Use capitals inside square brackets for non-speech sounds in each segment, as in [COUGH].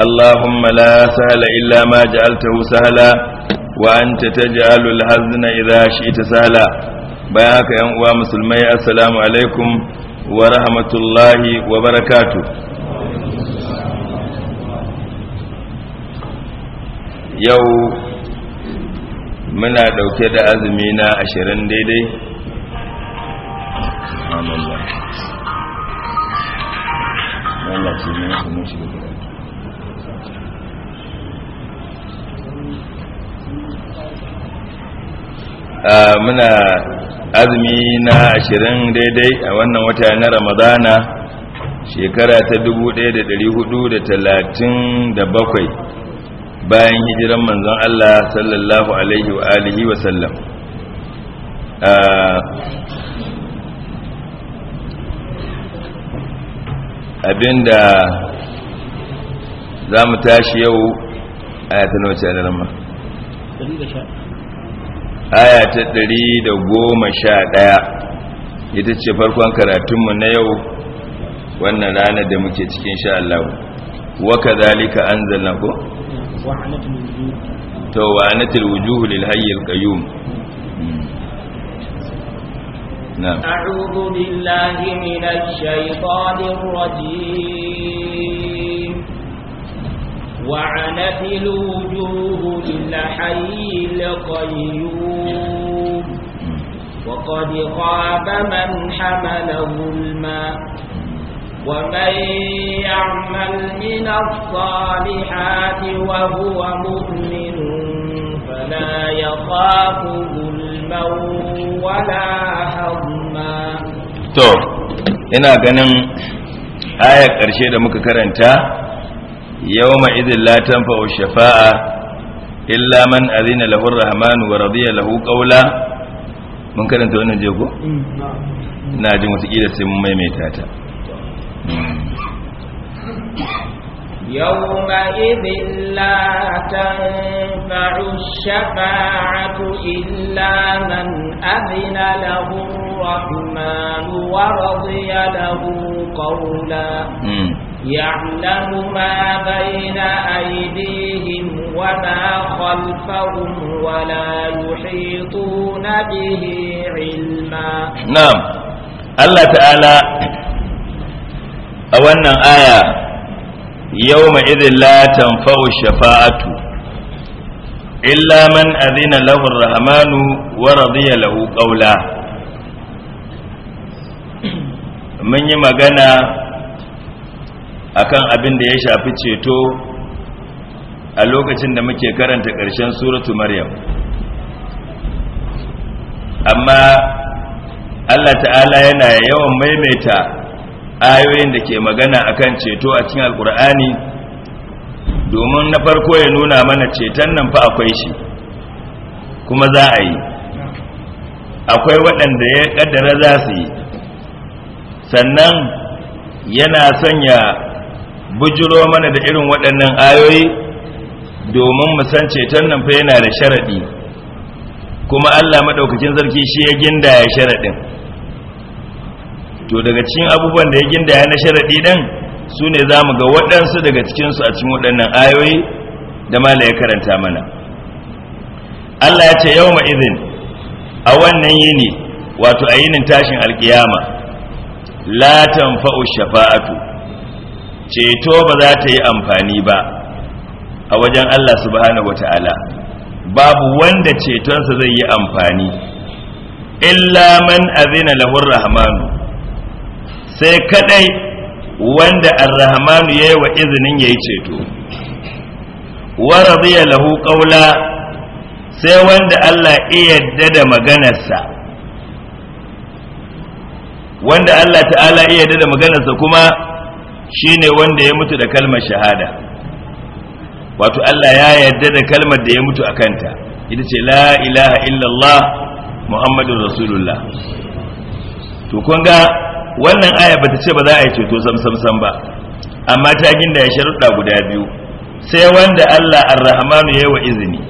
اللهم لا سهل إلا ما جعلته سهلا وأنت تجعل الحزن إذا شئت سهلا بياك يا أموى مسلمي السلام عليكم ورحمة الله وبركاته yau muna ɗauke da azumi na ashirin daidai Allah Ah, muna azumi na ashirin daidai a wannan wata na ramadana shekara ta da bakwai, bayan hijiran manzon Allah sallallahu alaihi wa alihi wa sallam ah, abinda za mu tashi yau a yatanar wace aya ta ɗari da goma sha ɗaya ita ce farkon karatunmu na yau wannan ranar da muke cikin sha Allah waka zalika an zalla ko? wa na wujuhu hulil hayyar qayyum hmm. na. a'udhu billahi minash shaitanir rajim وعنت الوجوه للحي القيوم وقد خاب من حمل ظلما ومن يعمل من الصالحات وهو مؤمن فلا يخاف ظلما ولا هضما to ina ganin ayar ƙarshe da muka karanta yawma idin la tanfa'u shafa'a illa man azina lahu ar wa radiya lahu qawla mun karanta wannan je ina jin wata ƙila sai mun maimaita ta يومئذ لا تنفع illa man azina أذن له wa ورضي lahu قولا يعلم ما بين أيديهم وما خلفهم ولا يحيطون به علما نعم الله تعالى أولا آية يومئذ لا تنفع الشفاعة إلا من أذن له الرحمن ورضي له قولا من يمغنى akan abin da ya shafi ceto a lokacin da muke karanta ƙarshen suratu maryam amma Allah ta'ala yana yawan maimaita ayoyin da ke magana akan ceto a cikin alkur'ani domin na farko ya nuna mana ceton nan fa akwai shi kuma za a yi akwai waɗanda ya ƙaddara za su yi sannan yana sanya bujiro mana da irin waɗannan ayoyi domin mu san ceton nan fa yana da sharaɗi kuma Allah maɗaukakin sarki shi ya gindaya sharaɗin to daga cikin abubuwan da ya gindaya na sharaɗi ɗin su ne za ga waɗansu daga cikinsu a cikin waɗannan ayoyi da mala ya karanta mana Allah ya ce yau izin a wannan yini wato a yinin tashin alkiyama la tanfa'u shafa'atu ceto ba za ta yi amfani ba a wajen Allah subhanahu Ta'ala. babu wanda cetonsa zai yi amfani illa man azina lahur rahmanu sai kadai wanda ar-rahmanu yayi wa izinin yayi ceto wa radiya lahu qawla sai wanda Allah iya da maganarsa wanda Allah ta'ala iya yarda da maganarsa kuma shine wanda ya mutu da kalmar shahada wato Allah ya yarda da kalmar da ya mutu a kanta ita ce la ilaha illallah muhammadun rasulullah to kun ga wannan aya bata ce ba za a yi ceto sam ba amma ta ginda ya sharuɗa guda biyu sai wanda Allah ar-rahmanu ya yi wa izini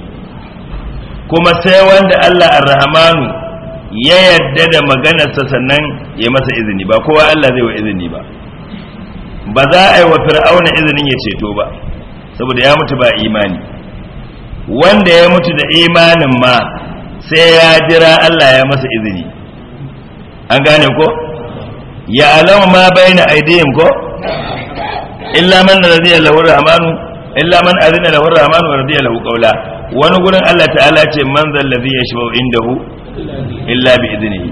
kuma sai wanda Allah ar-rahmanu ya yarda da maganarsa sannan ya masa izini ba kowa Allah zai wa izini ba ba za a yi wa fir'auna izinin ya ceto ba saboda ya mutu ba imani wanda ya mutu da imanin ma sai ya jira Allah ya masa izini an gane ko ya alamu ma bayna aidihim ko illa man radiya lahu rahmanu illa man azina lahu rahmanu wa radiya lahu qawla wani gurin Allah ta'ala ce man zallazi yashba'u indahu illa bi idnihi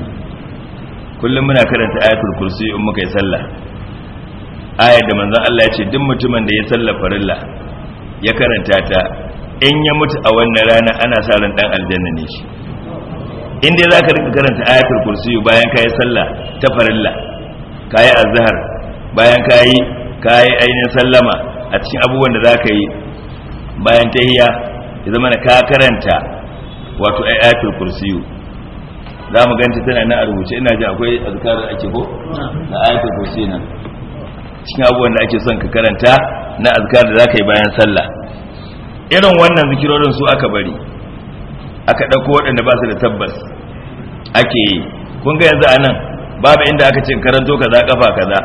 kullum muna karanta ayatul kursi in muka yi sallah ayar da manzan Allah ya ce duk mutumin da ya sallar farilla ya karanta ta in ya mutu a wannan rana ana sa ran dan aljanna ne shi in dai zaka rika karanta ayatul kursi bayan kai sallah ta farilla kai azhar bayan kai kai ainin sallama a cikin abubuwan da zaka yi bayan tahiyya ya zama ka karanta wato ayatul kursi za mu ganta tana nan a rubuce ina ji akwai azkar ake ko na ayatul kursi nan cikin abubuwan da ake son ka karanta na azkar da zaka yi bayan sallah irin wannan zikirorin su aka bari aka dauko waɗanda ba su da tabbas ake yi kun ga yanzu anan babu inda aka ce karanto kaza kafa kaza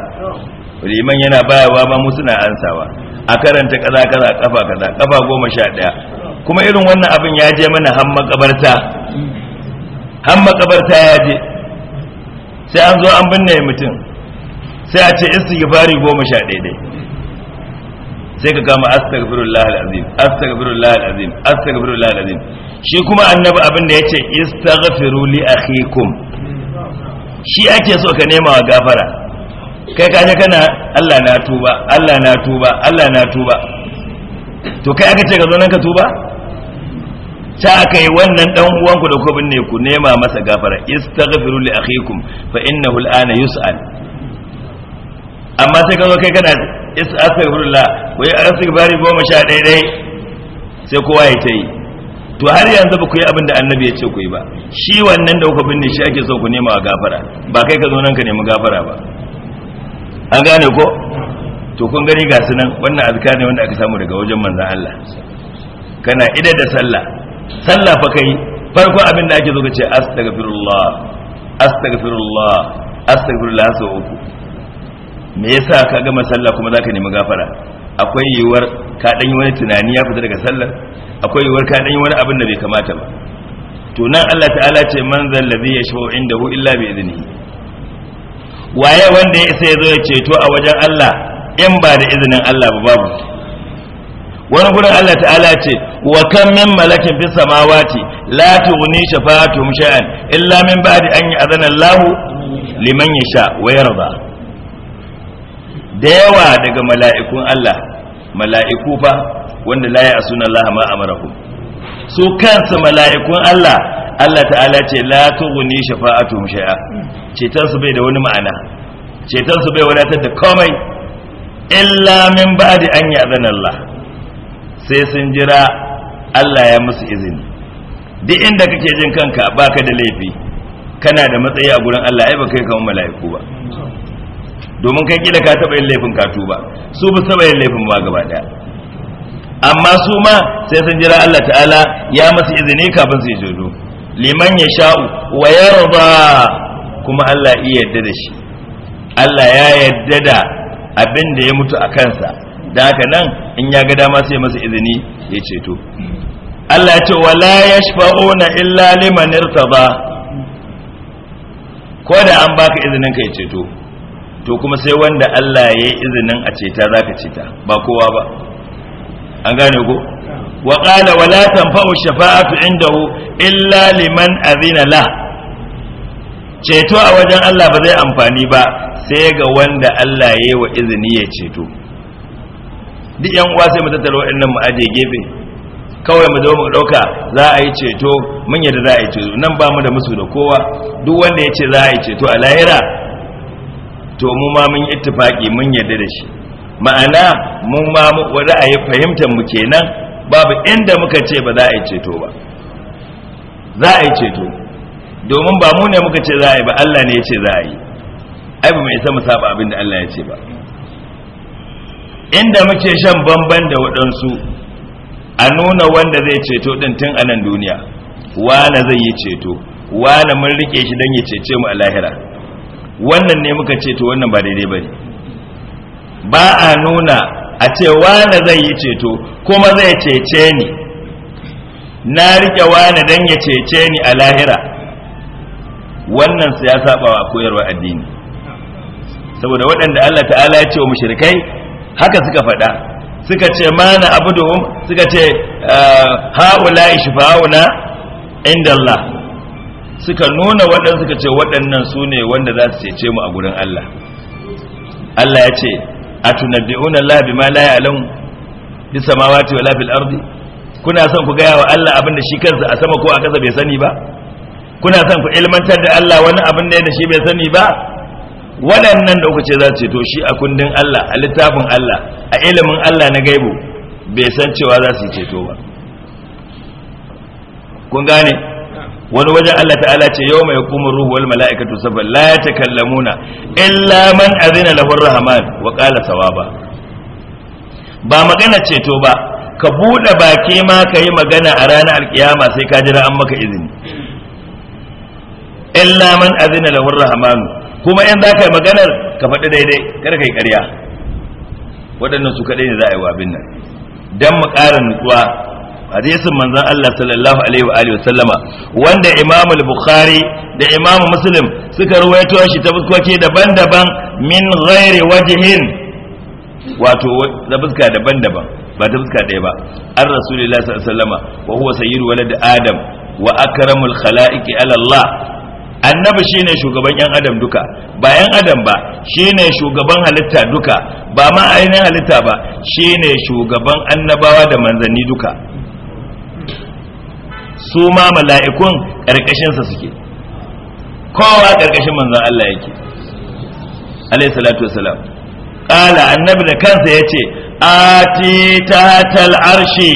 liman yana bayawa ma mu suna ansawa a karanta kaza kaza kafa kaza kafa goma sha ɗaya kuma irin wannan abin ya je mana han makabarta han makabarta ya je sai an zo an binne mutum sai a ce istighfari goma sha daidai sai ka kama astaghfirullah alazim astaghfirullah alazim astaghfirullah alazim shi kuma annabi abin da ce istaghfiru li akhikum shi ake so ka nema wa gafara kai kaje kana Allah na tuba Allah na tuba Allah na tuba to kai aka ce ka zo nan ka tuba ta aka yi wannan dan uwanku da kobin ne ku nema masa gafara istaghfiru li akhikum fa innahu al'ana yus'al amma sai ka zo kai kana astaghfirullah ku yi astaghfari goma sha ɗaya ɗaya sai kowa ya ta yi to har yanzu ba ku yi abin da annabi ya ce ku yi ba shi wannan da kuka binne shi ake so ku nema wa gafara ba kai ka zo nan ka nemi gafara ba an gane ko to kun gani ga sunan wannan azka ne wanda aka samu daga wajen manzon Allah kana ida da sallah sallah fa kai farko abin da ake so ka ce astaghfirullah astaghfirullah astaghfirullah sau uku me yasa ka gama sallah kuma zaka nemi gafara akwai yiwuwar ka dan yi wani tunani ya fita daga sallar akwai yiwuwar ka dan yi wani abin da bai kamata ba to nan Allah ta'ala ce man zal ladhi yashfa'u indahu illa bi idnihi waye wanda ya isa yazo ya ceto a wajen Allah in ba da izinin Allah ba babu wani gurin Allah ta'ala ce wa kan min malakin fis samawati la tughni shafa'atuhum shay'an illa min ba'di an ya'zana Allah liman yasha wa yarda da yawa daga mala'ikun Allah mala'iku fa wanda la a sunan Allah ma amarahu su kansa mala'ikun Allah Allah ta'ala ce la shafa'atu shafa'atuhum shay'a cetar bai da wani ma'ana cetonsu bai wadatar da komai illa min da an ya'zana Allah sai sun jira Allah ya musu izini duk inda kake jin kanka baka da laifi kana da matsayi a gurin Allah ai ba kai kamar mala'iku ba domin kai kila ka taba yin laifin katu ba, su ba taba yin laifin ba gaba daya amma su ma sai sun jira Allah ta'ala ya masu izini kafin su jodo liman ya sha'u wa yarda kuma Allah iya yarda da shi Allah ya yarda da abin da ya mutu a kansa da haka nan in ya ga dama sai masa izini ya ceto Allah ya ce wala yashfa'una illa liman irtaba ko da an baka izinin ka ya ceto to kuma sai wanda Allah ya yi izinin a ceta za ka ceta ba kowa ba an gane ko wa qala wala tanfa'u shafa'atu indahu illa liman azina la ceto a wajen Allah ba zai amfani ba sai ga wanda Allah ya yi wa izini ya ceto duk yan uwa sai mu tattara waɗannan mu aje gefe kawai mu zo mu ɗauka za a yi ceto mun yadda za a yi ceto nan ba mu da musu da kowa duk wanda ya ce za a yi ceto a lahira to mu ma mun ittifaki mun yarda da shi ma'ana mun ma yi fahimtar mu kenan babu inda muka ce ba za a yi ceto ba za a yi ceto domin ba mu ne muka ce za a yi ba Allah ne ya ce za a yi ai ba mai samu mu saba abin da Allah ya ce ba inda muke shan bamban da waɗansu a nuna wanda zai ceto din tun a nan duniya wala zai yi ceto wala mun rike shi don ya cece mu a lahira wannan ne muka ce to wannan ba daidai ba ne ba a nuna a ce wane zai yi ceto kuma zai cece ni na rike wane don ya cece ni a lahira wannan su ya saba wa koyarwa addini saboda waɗanda Allah ta'ala ya ce wa mushrikai haka suka faɗa suka ce mana abuduhum suka ce ah, ha'ula ishfa'una inda Allah suka nuna waɗanda suka ce waɗannan su ne wanda za su cece mu a gurin Allah Allah ya ce a tunabbi'una Allah bima la ya'lamu fi samawati wala fil ardi kuna son ku gaya wa Allah abin da shi kansa a sama ko a kasa bai sani ba kuna son ku ilmantar da Allah wani abin da shi bai sani ba waɗannan da kuka ce za su ceto shi a kundin Allah a littafin Allah a ilimin Allah na gaibu bai san cewa za su ceto ba kun gane wani wajen Allah ta'ala ce yau mai hukumar ruhu wal mala'ikatu saboda la takallamuna illa man azina lahu rahman wa qala sawaba ba magana ceto ba ka bude baki ma ka yi magana a ranar alkiyama sai ka jira an maka izini illa man azina lahu rahman kuma in za ka yi maganar ka faɗi daidai kada ka yi ƙarya waɗannan su kaɗai ne za a yi wa abin nan don mu ƙara nutsuwa hadisin manzon Allah sallallahu alaihi wa alihi sallama wanda Imam al-Bukhari da Imam Muslim suka ruwaito shi ta fuskoki daban-daban min ghairi wajhin wato da fuska daban-daban ba ta fuska ɗaya ba an rasulullahi sallallahu alaihi sallama wa huwa sayyidu walad adam wa akramul khalaiqi ala Allah annabi shine shugaban yan adam duka ba yan adam ba shine shugaban halitta duka ba ma ainihin halitta ba shine shugaban annabawa da manzanni duka su ma mala'ikun ƙarƙashinsa suke kowa ƙarƙashin manzon Allah yake alayhi salatu wasalam qala annabi da kansa ya yace ati tatal arshi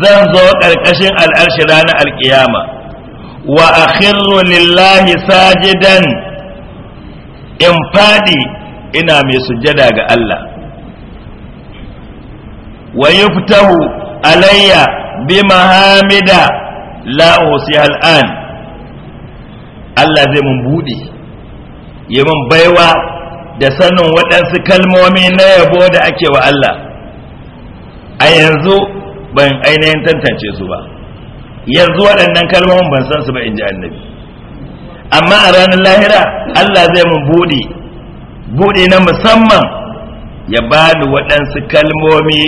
zan zo ƙarƙashin al'arshi ranar alƙiyama wa akhirru lillahi sajidan in faɗi ina mai sujjada ga Allah wa yuftahu alayya bimahamida la usi al'an Allah zai mun bude ya mun baiwa da sanin waɗansu kalmomi na yabo da ake wa Allah a yanzu ban ainihin tantance su ba yanzu waɗannan kalmomin ban san su ba in ji annabi amma a ranar lahira Allah zai mun bude bude na musamman ya bani waɗansu kalmomi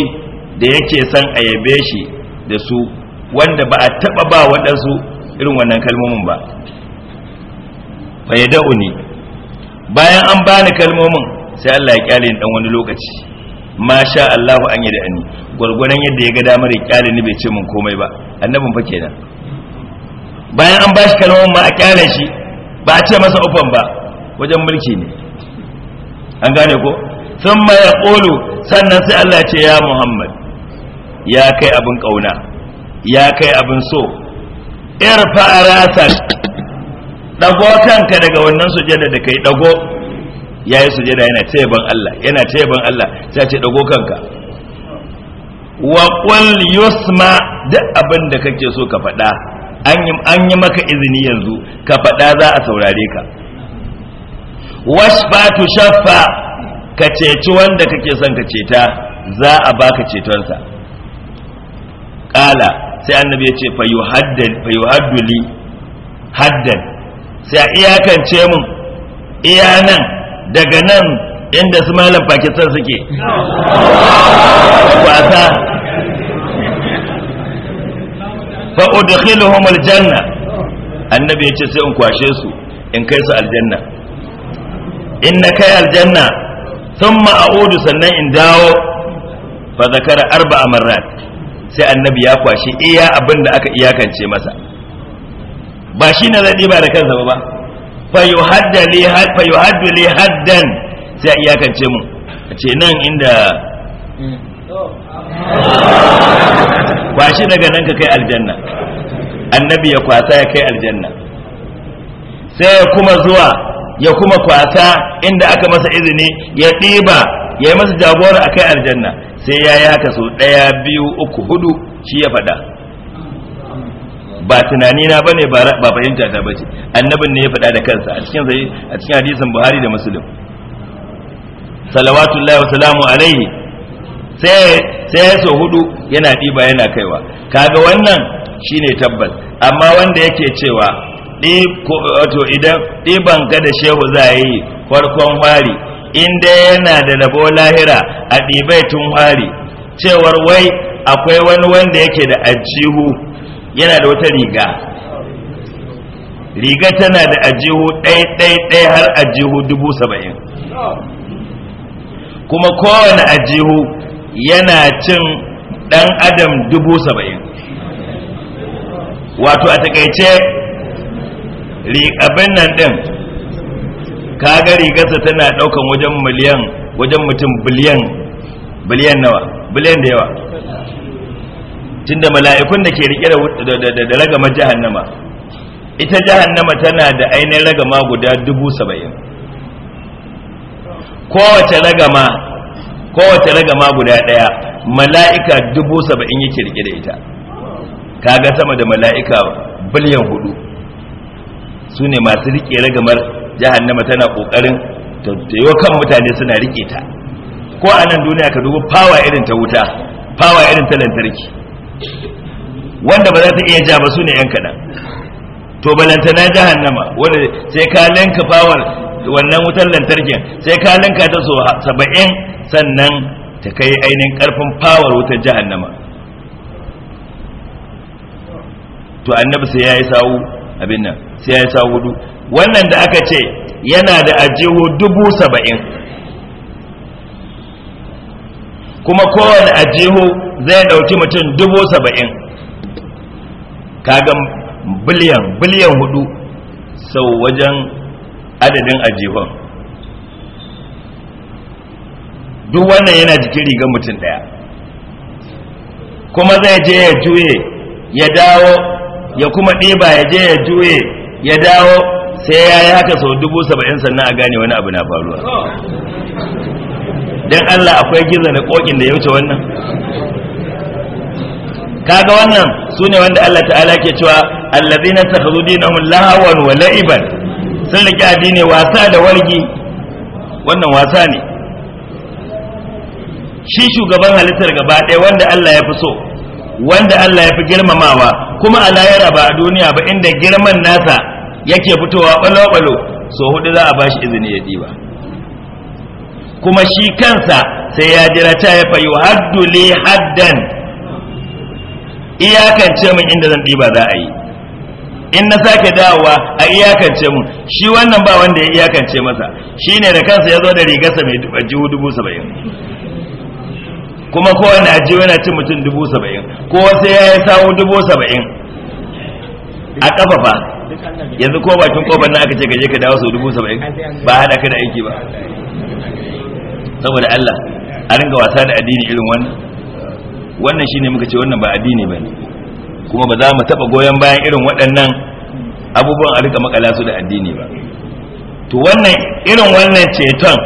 da yake son a yabe shi da su wanda ba a taba ba waɗansu irin wannan kalmomin ba fayyada ya bayan an bani kalmomin sai Allah ya kyale ni dan wani lokaci masha Allah an yi da ani, gwargwaron yadda ya ga damar ya kyale ni bai ce min komai ba annabin fa kenan bayan an bashi kalmomin ma a kyale shi ba a ce masa ufan ba wajen mulki ne an gane ko sun ya sannan sai Allah ce ya muhammad ya kai abin ƙauna ya kai abin so irfa rasak ɗago kanka daga wannan sujada da kai ya yi sujada yana ta yaban Allah yana ta yaban Allah ta ce ɗago kanka wa yusma duk abin da kake so ka faɗa an yi maka izini yanzu ka faɗa za a saurare ka washfa tu shaffa ka ceci wanda kake son ka ceta za a baka cetonsa kala sai annabi ya ce fayuhaddu li haddan sai a iyakance mun iya nan daga nan inda su malam pakistan suke wasa fa udkhiluhum aljanna annabi ya ce sai in kwashe su in kai su aljanna in na kai aljanna thumma a'udu sannan in dawo fa zakara arba'a marrat sai annabi ya kwashi iya abin da aka iyakance masa ba shi na zai ba da kansa ba fa haddu li haddan sai a iyakance mu a ce nan inda kwashi daga nan ka kai aljanna annabi ya kwasa ya kai aljanna sai ya kuma zuwa ya kuma kwasa inda aka masa izini ya ɗiba ya yi masa jagora a kai aljanna sai ya yi haka sau ɗaya biyu uku hudu shi ya faɗa ba tunani na bane ba fahimta ta bace annabin ne ya faɗa da kansa a cikin sai a cikin hadisin buhari da muslim salawatullahi wa salamu alaihi sai sai sau hudu yana ɗiba yana kaiwa kaga wannan shine tabbas amma wanda yake cewa wato idan ga da shehu za yi farkon fari Inda yana da labo lahira a ɗibai tun hari cewar wai akwai wani wanda yake da ajihu yana da wata riga riga tana da ajihu ɗai-ɗai-ɗai har ajihu dubu saba'in kuma kowane ajihu yana cin ɗan adam dubu saba'in wato a takaice abin nan ɗin Ka ga rigarsa tana daukan wajen miliyan wajen mutum biliyan biliyan nawa biliyan da yawa tunda mala'ikun da ke rike da ragama jahannama ita jahannama tana da ainihin ragama guda dubu saba'in kowace ragama kowace ragama guda ɗaya mala'ika dubu saba'in yake rike da ita kaga sama da mala'ika biliyan hudu su ne masu rike ragamar jahannama tana kokarin ta yi kan mutane suna rike ta ko a nan duniya ka dubi fawa irin ta wuta fawa irin ta lantarki wanda ba za ta iya ja ba su ne yan kaɗan to balantana jahannama wanda sai ka lanka fawar wannan wutar lantarkin sai ka lanka ta so saba'in sannan ta kai ainihin karfin fawar wutar jahannama to annabi sai ya yi sawu abin nan sai ya yi sawu hudu wannan da aka ce yana da ajihu dubu saba'in kuma kowane ajihu zai ɗauki mutum dubu saba'in kagan biliyan biliyan hudu sau wajen adadin ajihun duk wannan yana jikin rigar mutum ɗaya kuma zai je ya juye ya dawo ya kuma ɗiba ya je ya juye ya dawo sai ya yi haka sau dubu saba'in sannan a gane wani abu na faruwa don allah akwai gizo da kokin da ya wuce wannan kaga wannan su ne wanda allah ta'ala ke cewa allazina takhadhu dinahum lahawar wa la'ibar sun rike addini wasa da wargi wannan wasa ne shi shugaban halittar gaba ɗaya wanda allah ya fi so wanda allah ya fi girmamawa kuma a layara ba a duniya ba inda girman nasa yake fitowa balo-balo so hudu za a ba shi izini ya ɗiba kuma shi kansa sai ya jira ta ya fayo haddu li haddan iyakance min inda zan ɗiba za a yi in na sake dawowa a iyakance mun shi wannan ba wanda ya iyakance masa shi ne da kansa ya zo da rigarsa mai jihu dubu saba'in kuma kowane ji yana cin mutum dubu saba'in kowa sai ya yi sawu dubu saba'in a ƙafafa yanzu ko bakin kofar na aka ce ka je ka dawo sau dubu saba'in ba haɗa ka da aiki ba saboda Allah a ringa wasa da addini irin wannan wannan shine muka ce wannan ba addini ne. kuma ba za mu taba goyon bayan irin waɗannan abubuwan a rika makala su da addini ba to wannan irin wannan ceton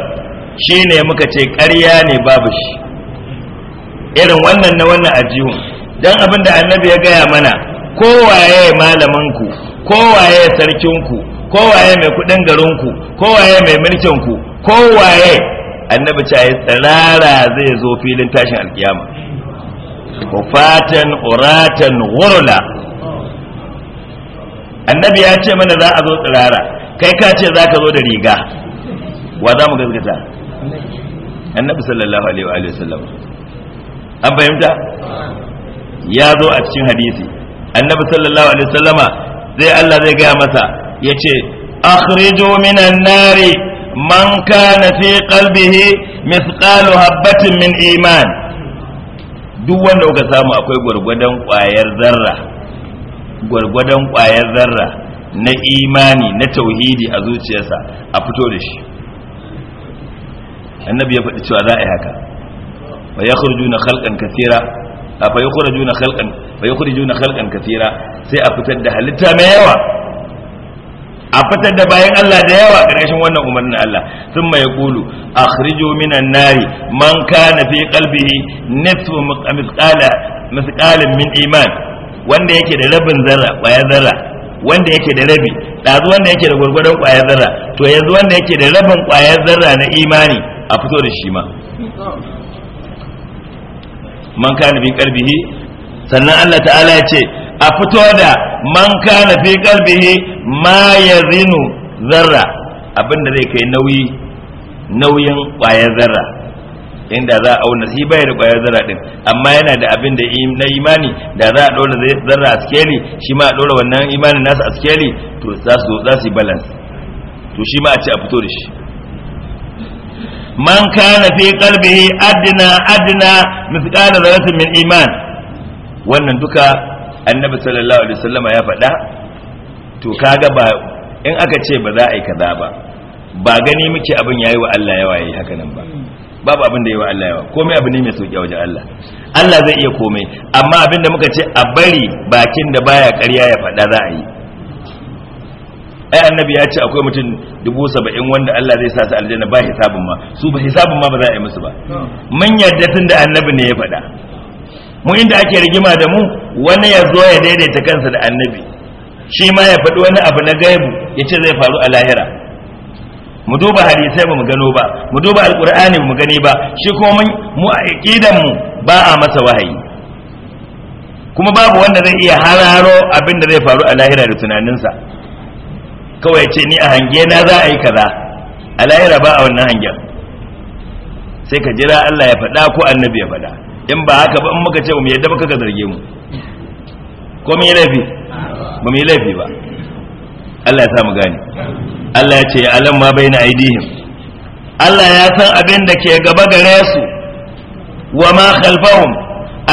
shine muka ce ƙarya ne babu shi irin wannan na wannan ajiyun don abin da annabi ya gaya mana kowaye malamin kowaye sarkinku kowaye mai kudin garinku kowaye mai mulkinku kowaye annabi ce ya tsirara zai zo filin tashin alkiyama kufatan uratan wurla annabi ya ce mana za a zo tsirara kai ka ce za ka zo da riga wa za mu gaskata annabi sallallahu alaihi wa sallam an fahimta ya zo a cikin hadisi annabi sallallahu alaihi wasallama sai Allah zai gaya masa ya ce akhrijo minan nari man kana fi qalbihi mithqalu habatin min iman duk wanda kuka samu akwai gwargwadon kwayar zarra gwargwadon kwayar zarra na imani na tauhidi a zuciyarsa a fito da shi annabi ya faɗi cewa za a yi haka fa ya yakhrujuna khalqan katira fa ya yakhrujuna khalqan fa juna khalqan katira sai a fitar da halitta mai yawa a fitar da bayan Allah da yawa karkashin wannan umarnin Allah sun mai kulu akhriju minan nari man kana fi qalbihi nisfu misqala min iman wanda yake da rabin zarra ƙwayar zarra wanda yake da rabi ɗazu wanda yake da gwargwadon ƙwayar zarra to yanzu wanda yake da rabin ƙwayar zarra na imani a fito da shi ma man kana bi qalbihi sannan Allah ta'ala ya ce a fito da man kana fi kalbihi ma yazinu zarra abinda zai kai nauyi nauyin ƙwayar zarra inda za a auna shi bai da ƙwayar zarra din amma yana da abin da na imani da za a ɗora zarra a skeli shi ma a ɗora wannan imanin nasu a skeli to za su za su yi balance to shi ma a ce a fito da shi man kana fi kalbihi adna adna mithqala zarratin min iman wannan duka annabi sallallahu alaihi wasallam ya faɗa to kaga ba in aka ce ba za a yi kaza ba ba gani muke abin yayi wa Allah yawa yayi haka nan ba babu abin da wa Allah yawa komai abu ne mai sauki a wajen Allah Allah zai iya komai amma abin da muka ce a bari bakin da baya ƙarya ya faɗa za a yi ai annabi ya ce akwai mutum dubu saba'in wanda Allah zai sa su aljanna ba hisabin ma su ba hisabin ma ba za a yi musu ba mun yarda tun da annabi ne ya faɗa mu inda ake rigima da mu wani ya zo ya daidaita kansa da annabi shi ma ya faɗi wani abu na gaibu ya ce zai faru a lahira mu duba hadisai ba mu gano ba mu duba alkur'ani ba mu gani ba shi kuma mu a aqidan mu ba a masa wahayi kuma babu wanda zai iya hararo abin da zai faru a lahira da tunaninsa kawai ce ni a hange na za a yi kaza a lahira ba a wannan hangen sai ka jira Allah ya faɗa ko annabi ya faɗa in ba haka ba in muka ce ba mu yadda baka ka zarge mu ko mu yi laifi ba mu yi laifi ba Allah ya sa mu gane Allah ya ce alam ma bayna aidihim Allah ya san abin da ke gaba gare su wa ma khalfahum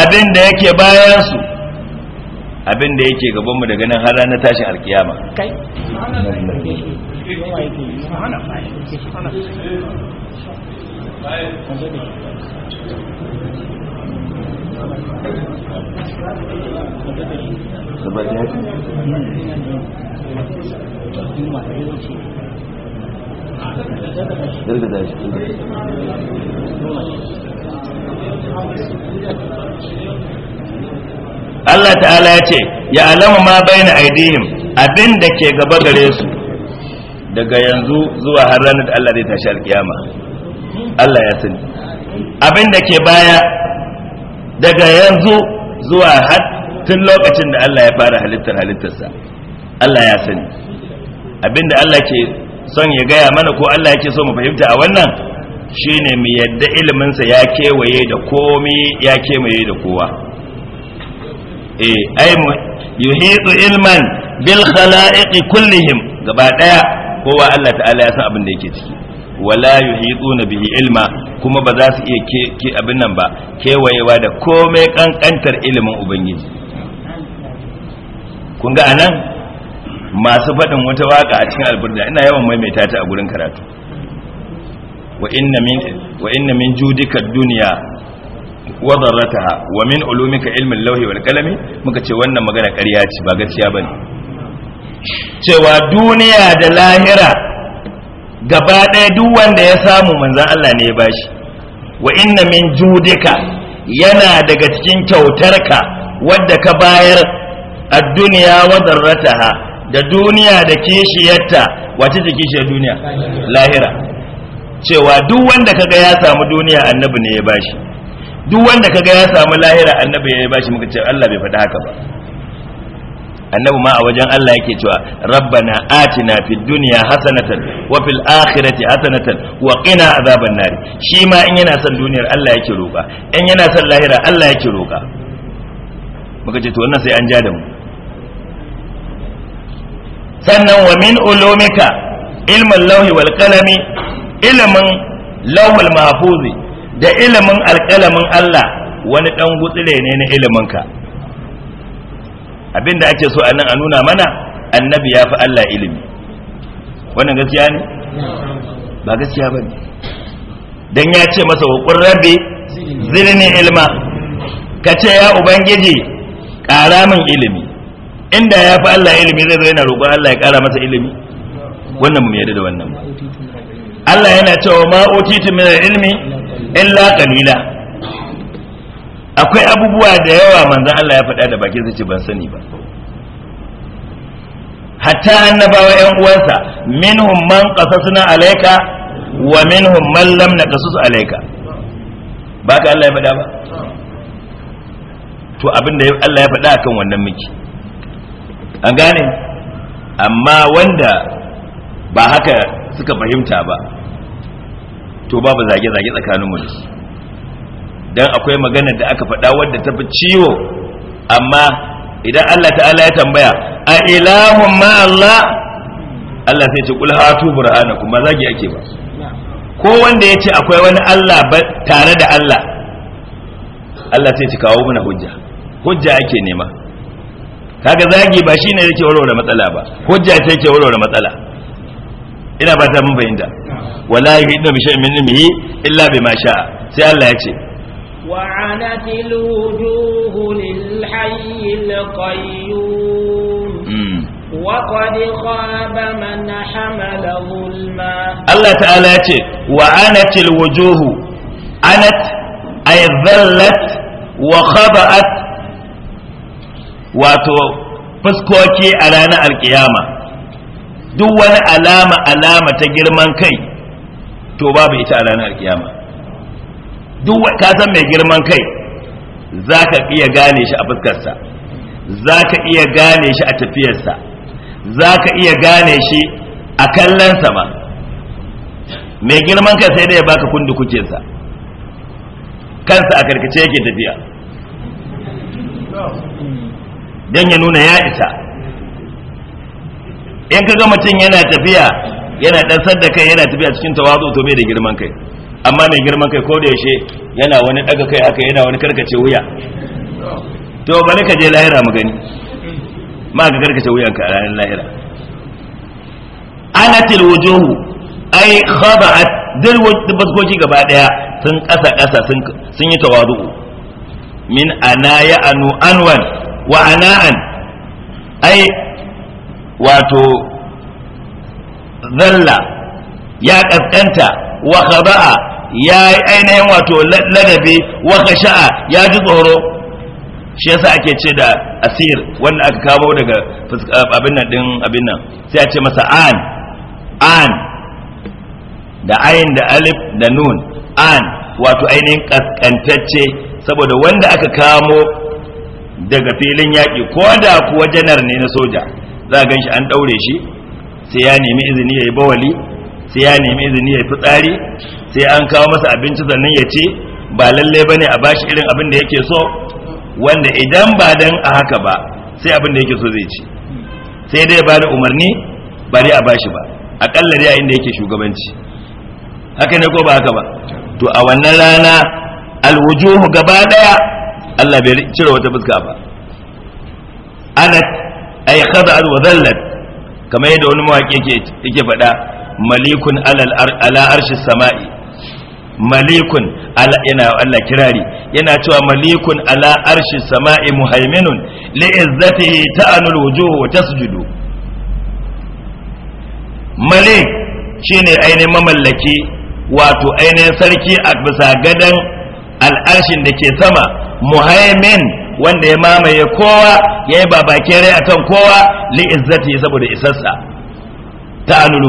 abin da yake bayan su abin da yake gaban mu daga nan har ranar tashin alkiyama kai Allah ta'ala ya ce ya alamu ma bayna aidihim abin da ke gaba gare su daga yanzu zuwa har ranar da Allah zai tashi alkiyama Allah ya sani abin da ke baya daga yanzu zuwa har tun lokacin da Allah ya fara halittar halittarsa Allah ya sani abinda Allah ke son ya gaya mana ko Allah yake so mu fahimta a wannan shine mu yadda iliminsa ya kewaye da komi ya kewaye da kowa eh ai mu yuhitu ilman bil khala'iqi kullihim gaba daya kowa Allah ta'ala ya san abin da yake ciki wala yuhiduna bihi ilma kuma ba za su iya ke abin nan ba kewayewa da komai kankantar ilimin ubangiji kun ga anan masu faɗin wata waka a cikin alburda ina yawan maimaita ta a gurin karatu wa inna min wa inna min judika dunya wa darrataha wa min ulumika ilmin lawhi wal qalami muka ce wannan magana ƙarya ce ba gaskiya bane cewa duniya da lahira gaba ɗaya duk wanda ya samu manzan Allah ne ya bashi wa inna min judika yana daga cikin kyautarka wadda ka bayar a duniya rataha da duniya da kishiyarta wace ce kishiyar duniya lahira cewa duk wanda kaga ya samu duniya annabi ne ya bashi duk wanda kaga ya samu lahira annabi ya bashi muka ce Allah bai faɗi haka ba annabi ma a wajen Allah yake cewa rabbana atina fid dunya hasanatan wa fil akhirati hasanatan wa qina azaban nar shi ma in yana son duniyar Allah yake roka in yana son lahira Allah yake roka muka ce to wannan sai an ja da mu sannan wa min ulumika ilmin lauhi wal qalami ilmin lawhul mahfuzi da ilmin alqalamin Allah wani dan gutsire ne na iliminka ka Abin da ake so a nan a nuna mana annabi ya fi Allah ilimi wannan gaskiya ne ba gaskiya bane dan ya ce masa wa rabbi zilni ilma kace ya ubangiji ƙara min ilimi inda ya fi Allah ilimi zai zai yana roƙon Allah ya ƙara masa ilimi wannan mu yarda da wannan Allah yana cewa ma utitu min ilmi illa qalila akwai abubuwa da yawa manzan Allah ya faɗa da bakin ce ban sani ba hatta annabawa yan uwansa minhum man qasasna alayka wa minhum man lam naqasus alayka baka Allah ya faɗa ba to abinda Allah ya faɗa akan wannan miki an gane amma wanda ba haka suka fahimta ba to babu zage-zage tsakanin da su dan akwai magana da aka faɗa wadda ta fi ciwo amma idan Allah ta'ala ya tambaya a ilahun ma Allah Allah sai ce kul hatu burhanakum ba zagi ake ba ko wanda ya ce akwai wani Allah tare da Allah Allah sai ce kawo mana hujja hujja ake nema kaga zagi ba shine yake warware matsala ba hujja ce yake warware matsala ina ba ta mun fahimta wala yuhidu bi shay'in min ilmihi illa bima sha'a sai Allah ya ce وعنت الوجوه للحي القيوم وقد خاب من حمل ظلما الله تعالى وعنت الوجوه عنت أي ذلت وخبأت wato fuskoki a ranar alkiyama duk wani alama alama ta girman kai to babu ita a ranar alkiyama duk ka san mai girman kai za ka iya gane shi a fuskarsa za ka iya gane shi a tafiyarsa za ka iya gane shi a kallonsa ma mai girman kai sai dai ya baka kundi kukensa kansa a karkace yake tafiya don ya nuna ya isa in ka ga mutum yana tafiya yana ɗansar da kai yana tafiya cikin tawazu to bai da girman kai amma mai girman kai ko da yaushe yana wani daga kai haka yana wani karkace wuya to bari ka je lahira mu gani ma ka karkace wuyan ka a ranar lahira anatil wujuhu ai khaba'at dal baskoki gaba daya sun kasa kasa sun sun yi tawadu min ya anu anwan wa ana'an ai wato zalla ya kaskanta wa khaba'a ya yi ainihin wato ladabi wa sha'a ya ji tsoro shi yasa ake ce da asir wanda aka kawo daga abin nan din abin nan sai a ce masa an an da ayin da alif da nun an wato ainihin kaskantacce saboda wanda aka kamo daga filin yaƙi ko da kuwa janar ne na soja za a gan shi an ɗaure shi sai ya nemi izini ya yi bawali sai ya nemi izini ya fitsari sai an kawo masa abinci sannan ya ce ba lalle ba ne a bashi irin abin da yake so wanda idan ba dan a haka ba sai abin da yake so zai ci sai dai ba da umarni ba dai a bashi ba akalla dai a inda yake shugabanci haka ne ko ba haka ba to a wannan rana alwujuhu gaba daya Allah bai cire wata fuska ba anat ay khada'at wa dhallat kamar yadda wani mawaki yake yake faɗa malikun ala arshi sama'i malikun ala yana Allah kirari yana cewa malikun ala arshi sama'i muhaiminun li izzatihi ta'anul wujuh wa tasjudu malik shine ainihin mamallaki wato ainihin sarki a bisa gadan al'arshin da ke sama muhaimin wanda ya mamaye kowa ya yi babakere akan kowa li saboda isassa ta'anul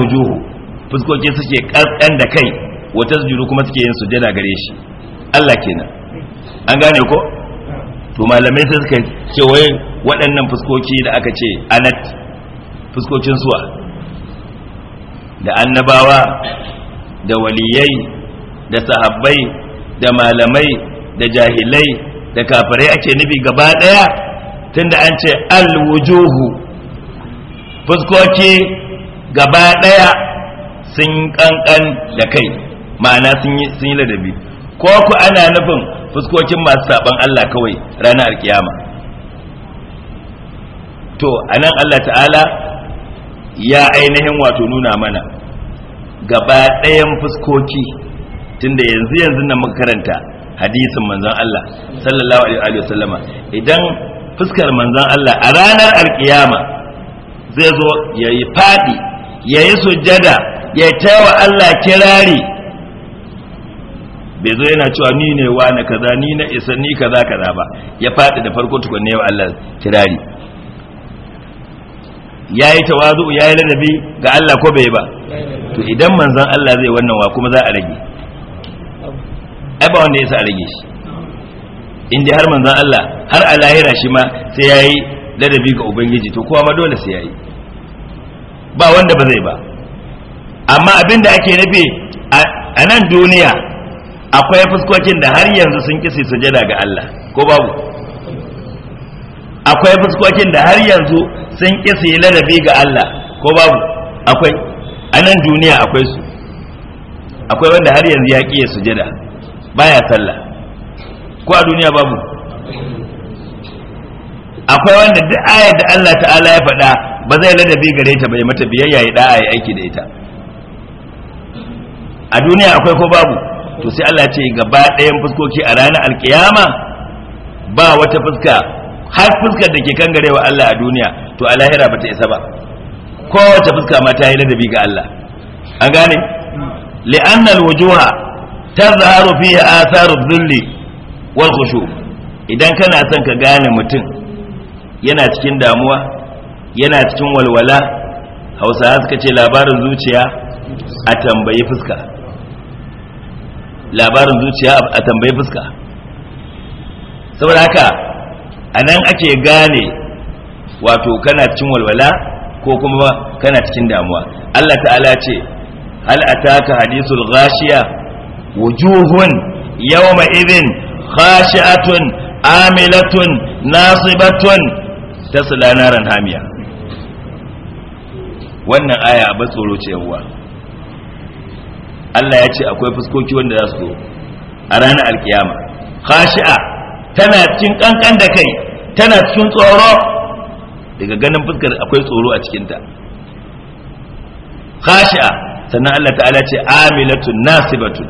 Fuskoki suke ƙarƙan da kai wata sujudu kuma suke yin sujada gare shi Allah kenan an gane ko to malamai sai suka ce wai waɗannan fuskoki da aka ce anat fuskokin suwa da annabawa da waliyai da sahabbai da malamai da jahilai da kafirai ake nufi gaba ɗaya tunda an ce alwujuhu fuskoki gaba ɗaya sun kankan da kai ma'ana sun yi ladabi ko ku ana nufin fuskokin masu saban Allah kawai ranar alkiyama to anan Allah ta'ala ya ainihin wato nuna mana gaba ɗayan fuskoki tunda yanzu yanzu na makaranta hadisin manzon Allah sallallahu alaihi wa sallama idan fuskar manzon Allah a ranar alkiyama zai zo ya yi faɗi ya yi sujjada ya wa Allah kirari bai zo yana cewa ni ne wa na kaza ni na isa ni kaza kaza ba ya faɗi da farko ne wa Allah kirari ya yi tawazu ya yi ladabi ga Allah ko bai ba to idan manzan Allah zai wannan wa kuma za a rage ai ba wanda ya sa a rage shi in dai har manzan Allah har a lahira shi ma sai ya yi ladabi ga ubangiji to kowa ma dole sai ya yi ba wanda ba zai ba amma abin da ake nufi a nan duniya akwai fuskokin da har yanzu sun kisi sujada ga Allah ko babu akwai fuskokin da har yanzu sun kisi ladabi ga Allah ko babu akwai a nan duniya akwai su akwai wanda har yanzu ya ƙiye sujada baya sallah ko a duniya babu akwai wanda duk ayar da Allah ta'ala ya faɗa ba zai ladabi gare ta bai mata biyayya ya da'a ya aiki da ita a duniya akwai ko babu to sai Allah ce gaba ɗayan fuskoki a ranar alkiyama ba wata fuska har fuskar da ke kangarewa Allah a duniya to a lahira ba ta isa ba kowace fuska ma ta yi ladabi ga Allah A gane li'anna alwujuha tazharu fiha atharu zulli, wal khushu idan kana son ka gane mutum yana cikin damuwa yana cikin walwala Hausa suka ce labarin zuciya a tambayi fuska labarin zuciya a tambayi fuska saboda haka a nan ake gane wato kana cikin walwala ko kuma kana cikin damuwa Allah ta'ala ce hal ataka hadithul ghashiya wujuhun yawma idhin khashi'atun amilatun nasibatun tasla naran hamiya wannan aya ba tsoro ce yawa Allah ya ce akwai fuskoki wanda za su zo a ranar alkiyama khashi'a tana cikin kankan da kai tana cikin tsoro daga ganin fuskar akwai tsoro a cikinta khashi'a sannan Allah ta'ala ce amilatun nasibatun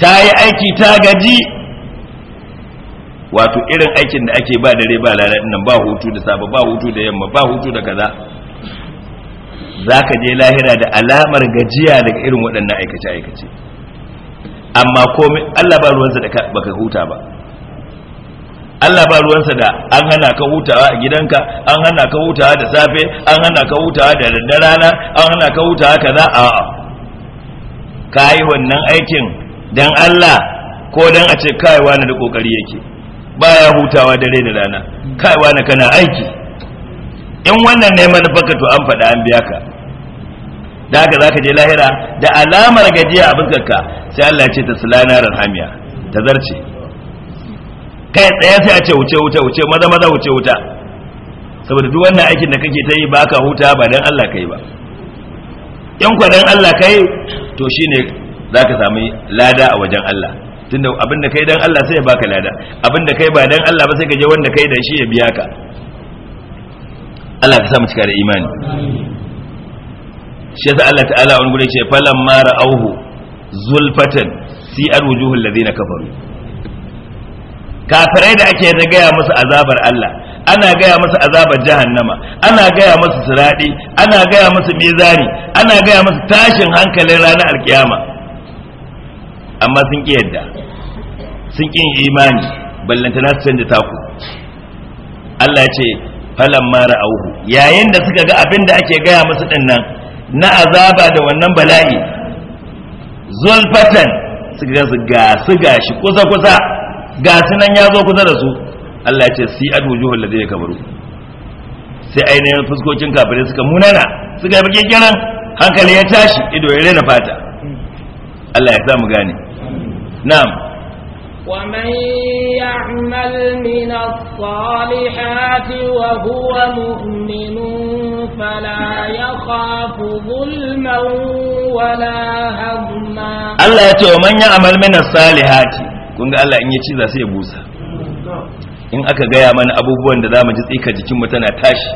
ta yi aiki ta gaji wato irin aikin da ake ba dare ba lalata nan ba hutu da safe ba hutu da yamma ba hutu da kaza za ka je lahira da alamar gajiya daga irin waɗannan aikace-aikace amma komai allah ba ruwansa da baka huta ba allah ba ruwansa da an hana ka hutawa a gidanka an hana ka hutawa da safe an hana ka hutawa da daddarana rana an hana ka hutawa za a ka yi wannan aikin don allah ko don a ce kaiwa na da kokari yake baya hutawa dare da rana kaiwa na kana aiki in wannan ne manufarka to an faɗa an biya ka da haka zaka je lahira da alamar gajiya a fuskarka sai Allah ya ce ta sulana rahamiya ta zarce kai tsaye sai a ce wuce wuce wuce maza maza wuce wuta saboda duk wannan aikin da kake ta yi ba ka huta ba dan Allah kai ba in kwa dan Allah kai to shine zaka sami lada a wajen Allah tunda abinda kai dan Allah sai ya baka lada abinda kai ba dan Allah ba sai ka je wanda kai dan shi ya biya ka Allah ka sa mu cika da imani shi yasa Allah ta'ala wani gure ce falan mara auhu zulfatan si an wujuhul ladina kafaru kafirai da ake ta gaya musu azabar Allah ana gaya musu azabar jahannama ana gaya musu siradi ana gaya musu mizani ana gaya musu tashin hankalin ranar alkiyama amma sun ki yadda sun ki imani ballantana su canja taku Allah ce falan mara auhu yayin da suka ga abin da ake gaya musu nan. na azaba da wannan bala'i zulfatan suka ga su gashi kusa kusa ga nan ya zo kusa da su Allah ya ce si adwujuhul ladina kabaru sai ainihin fuskokin kafirai suka munana suka yi bakin kiran hankali ya tashi ido ya rena fata Allah ya samu gane na'am ومن يعمل من الصالحات وهو مؤمن فلا يخاف ظلما ولا هضما الله يتي ومن يعمل من الصالحات kun ga Allah in ya ci za ya busa in aka gaya mana abubuwan da za mu ji tsika jikinmu tana tashi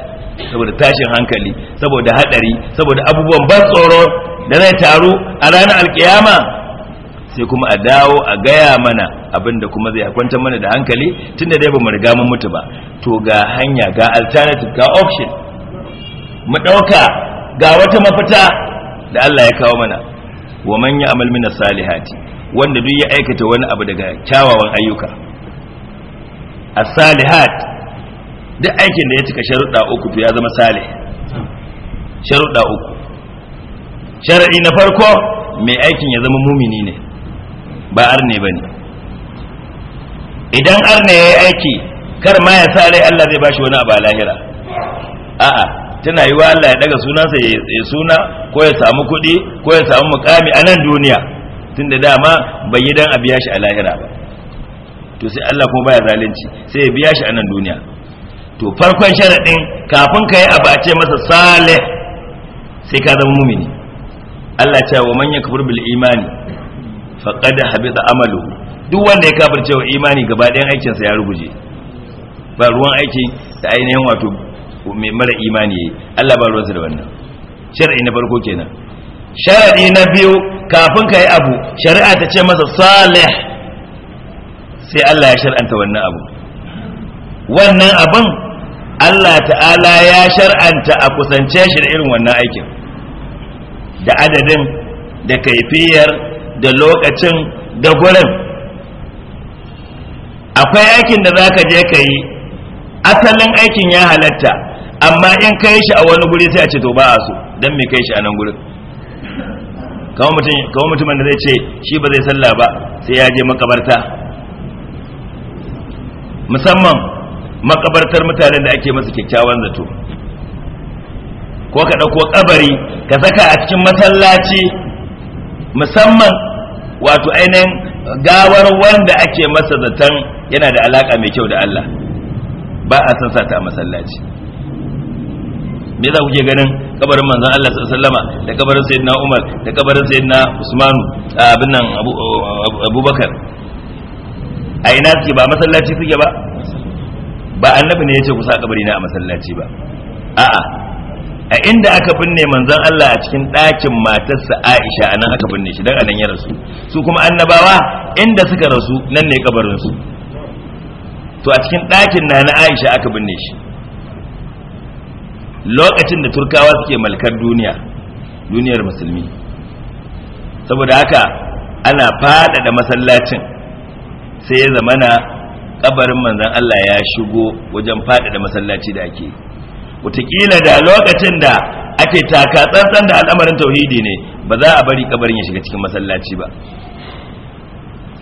saboda tashin hankali saboda hadari saboda abubuwan ban tsoro da zai taru a ranar alkiyama sai kuma a dawo a gaya mana abinda kuma zai kwantar mana da hankali da dai ba riga mun mutu ba to ga hanya ga alternative ga option mu dauka ga wata mafita da Allah ya kawo mana wa man ya'mal min salihati wanda duk ya aikata wani abu daga kyawawan ayyuka as-salihat duk aikin da ya cika sharuɗa uku to ya zama salih sharuɗa uku shar'i na farko mai aikin ya zama mumini ne ba arne bane idan arne yayi aiki kar ma ya sa rai Allah zai bashi wani abu a lahira a'a tana yi wa Allah ya daga sunansa ya suna ko ya samu kuɗi ko ya samu mukami a nan duniya tunda dama bai yi dan a biya shi a lahira ba to sai Allah kuma baya zalunci sai ya biya shi a nan duniya to farkon sharaɗin kafin ka yi abu a ce masa salih sai ka zama mumini Allah ce wa man yakfur bil imani faqad habita amalu duk wanda ya kafirce wa imani gaba ɗayan aikinsa ya ruguje ba ruwan aiki da ainihin wato mai mara imani yayi Allah ba ruwansa da wannan shar'i na farko kenan sharadi na biyu kafin ka yi abu shari'a ta ce masa salih sai Allah ya shar'anta wannan abu wannan abin Allah ta'ala ya shar'anta a kusance shi da irin wannan aikin da adadin da kaifiyar da lokacin da gurin akwai aikin da za ka je ka yi asalin aikin ya halatta amma in ka yi shi a wani guri sai a ce to ba a so don me kai shi a nan gurin kawo mutumin da zai ce shi ba zai sallah ba sai ya je makabarta musamman makabartar mutanen da ake masu kyakkyawan zato ko ka ɗauko kabari ka saka a cikin masallaci musamman wato ainihin gawar wanda ake masa zaton yana da alaka mai kyau da Allah ba a san sata a masallaci me za ku je ganin kabarin manzon Allah wasallam da kabarin sayyidina Umar da kabarin sayyidina Usman abin nan Abubakar a ina suke ba masallaci suke ba ba annabi ne ya ce ku sa kabari na a masallaci ba a'a a inda aka binne manzon Allah a cikin ɗakin matarsa Aisha anan aka binne shi dan anan ya rasu su kuma annabawa inda suka rasu nan ne kabarin su to a cikin ɗakin na na Aisha aka binne shi lokacin da turkawa suke malkar duniya duniyar musulmi saboda haka ana faɗaɗa masallacin sai ya zamana kabarin manzon Allah ya shigo wajen faɗaɗa masallaci da ake yi wataƙila da lokacin da ake taka tsantsan da al'amarin tauhidi ne ba za a bari kabarin ya shiga cikin masallaci ba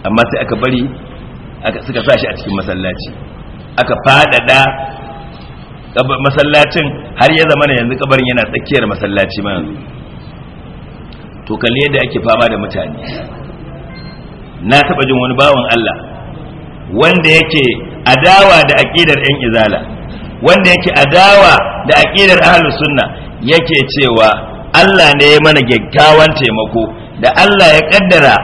amma sai aka bari suka sa shi a cikin masallaci aka faɗaɗa masallacin har ya zama yanzu kabarin yana tsakiyar masallaci ma yanzu to kalli yadda ake fama da mutane na taɓa jin wani bawan Allah wanda yake adawa da aƙidar 'yan izala wanda yake adawa da aqidar ahlus sunna yake cewa Allah ne ya mana gaggawan taimako da Allah ya kaddara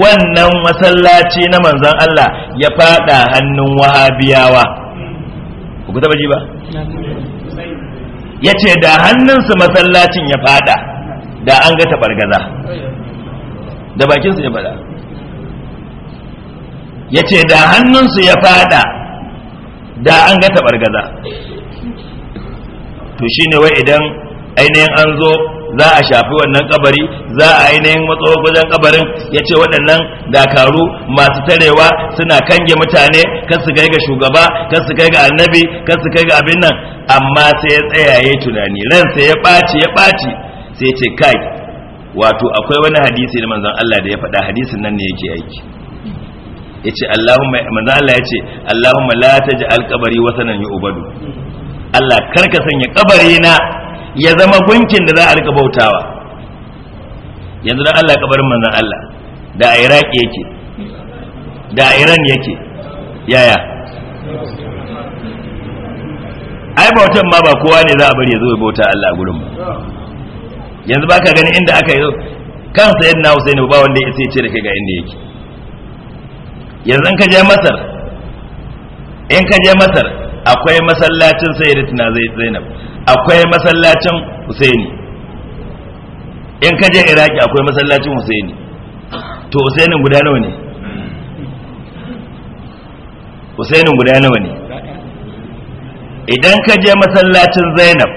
wannan masallaci na manzon Allah ya fada hannun wahabiyawa ku taba ji ba yace da hannunsu masallacin ya fada da an ga tabargaza da bakinsu ya fada yace da hannunsu ya fada da an ga tabargaza to shine wai idan ainihin an zo za a shafi wannan kabari za a ainihin matso wajen kabarin ya ce waɗannan dakaru masu tarewa suna kange mutane kan su kai ga shugaba kan su kai ga annabi kan su kai ga abin nan amma sai ya tsaya ya tunani ransa ya ɓaci ya ɓaci sai ce kai wato akwai wani hadisi da manzon Allah da ya faɗa hadisin nan ne yake aiki yace Allahumma manzo Allah yace Allahumma la taj'al qabri wasanan yu'badu Allah karka sanya kabari na ya zama gunkin da za a rika bautawa yanzu dan Allah kabarin manzo Allah da a Iraki yake da a Iran yake yaya ai bautan ma ba kowa ne za a bari ya zo ya bauta Allah a gurin mu yanzu baka gani inda aka yi kan sayyidina Husaini ba wanda ya ce ce da kai ga inda yake yanzu ka je masar in ka je masar akwai masallacin sayyidatina zainab akwai masallacin husaini in ka je iraki akwai masallacin husaini to husainin guda nawa ne husainin guda nawa ne idan ka je masallacin zainab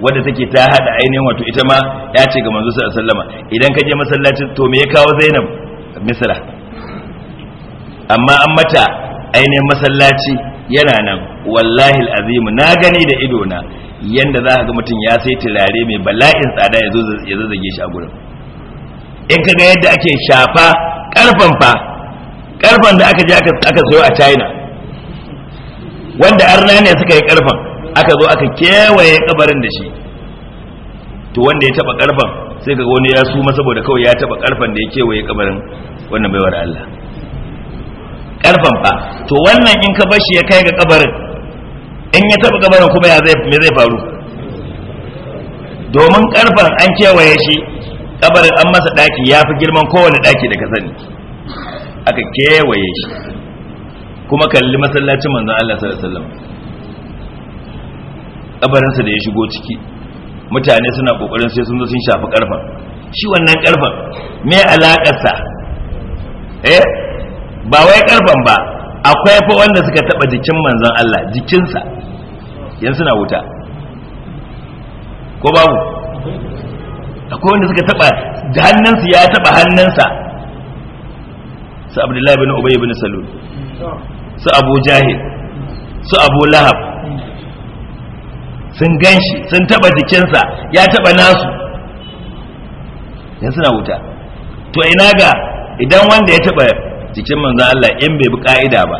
wadda take ta hada ainihin wato ita ma ya ce ga manzo sallama idan ka je masallacin to me ya kawo zainab misra amma an mata ainihin masallaci yana nan wallahi al'azim na gani da idona yanda za ga mutum ya sai turare mai bala'in tsada ya zazzage shi a gurin in kaga yadda ake shafa karfan fa karfan da aka je aka sayo a china wanda arna ne suka yi karfan aka zo aka kewaye kabarin da shi to wanda ya taba karfan sai ga wani ya suma saboda kawai ya taba karfan da ya kewaye kabarin wannan baiwar Allah karfan fa to wannan in ka bashi ya kai ga kabarin in ya taba kabarin kuma ya zai me zai faru domin karfan an kewaye shi kabarin an masa daki ya fi girman kowane daki da ka sani aka kewaye shi kuma kalli masallacin manzon Allah sallallahu alaihi wasallam sa da ya shigo ciki mutane suna kokarin sai sun zo sun shafi karfan shi wannan karfan me alakarsa eh ba wai karfan ba akwai fa wanda suka taba jikin manzon Allah jikinsa yan suna wuta ko babu akwai wanda suka taba da hannunsa ya taba hannunsa su abdullahi bin ubay bin salul su abu jahil su abu lahab sun gan shi sun taba jikinsa ya taba nasu yan suna wuta to ina ga idan wanda ya taba jikin manzo Allah in bai bi ka'ida ba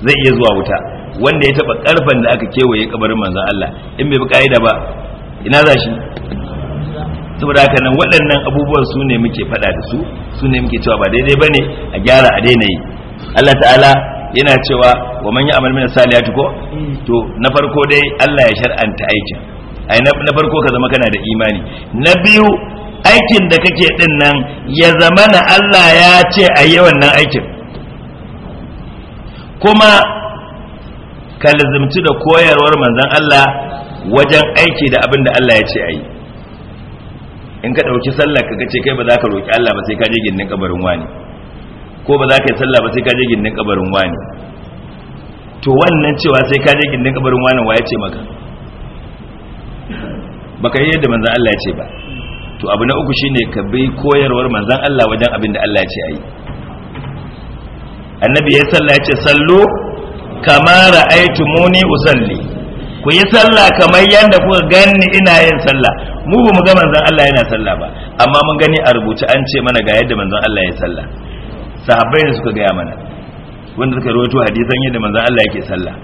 zai iya zuwa wuta wanda ya taba karfan da aka kewaye kabarin manzo Allah in bai bi ka'ida ba ina za shi saboda haka nan waɗannan abubuwan su ne muke faɗa da su su ne muke cewa ba daidai bane a gyara a daina yi Allah ta'ala yana cewa wa man ya'mal min salihati ko mm. to na farko dai Allah ya shar'anta aikin ai na farko ka zama kana da imani na biyu aikin da kake din nan ya zama na Allah ya ce ayi wannan aikin kuma ka lazimci da koyarwar manzon Allah wajen aiki da abin da Allah ya ce ayi? in ka ɗauki sallar ka ce kai ba za ka roƙi Allah ba sai ka je gindin kabarin wani ko ba za ka yi sallah ba sai ka je gindin kabarin wani to wannan cewa sai ka je gindin kabarin wani wa ya ce maka baka yi yadda manzan Allah ya ce ba to abu na uku shine ka bi koyarwar manzan Allah wajen abin da Allah ya ce ayi annabi ya sallah ya ce sallu kama ra'aytumuni usalli ku yi sallah kamar yadda kuka gani ina yin sallah mu ba mu ga manzan Allah yana sallah ba amma mun gani a rubuce an ce mana ga yadda manzan Allah ya sallah sahabbai ne suka gaya mana wanda suka rawaito hadisan yadda manzon Allah yake sallah